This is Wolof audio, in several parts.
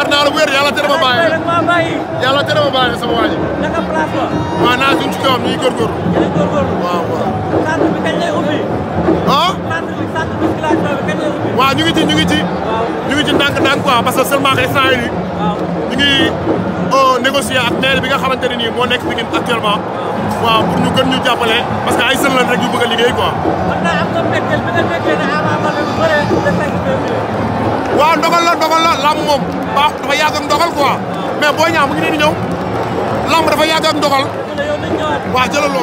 yaakaar waa ñu ngi góorgóorlu. ñu ngi góorgóorlu waaw waaw. centre bi kañ lay ubbi. ah. ñu ngi ci ñu ngi ci. ñu ngi ci ndànk-ndànk parce que seulement ñu ngi euh, négocier ak maire bi nga xamante ne nii moo nekk Pikine actuellement. waaw ñu gën ñu jàppale parce que ay sën rek ñu bëgg liggéey quoi. waaw ndogal la ndogal la lamb moom baax dafa yàgg ak ndogal quoi mais boo ngi nii di ñëw lamb dafa yàgg ak ndogal waaw jëlal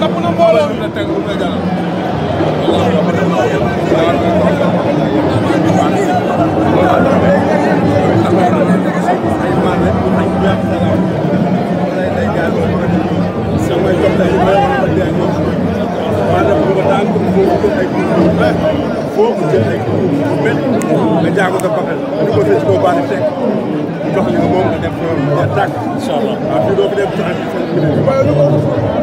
napp na mbooloo foo ko jëlee nga jaago sa bakkan ñu ko fekk boo baale teg jox li nga moom nga def euh, nga tàgg. incha allah waaw fii doo ko def joxe ci seen minute. waaye ko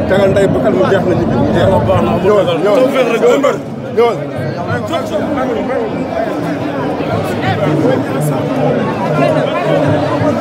tegal ndey ba kàddu jeex na ñu. jeex na baax na ñëwal ñëwal ñëwal ñëwal. Thank you.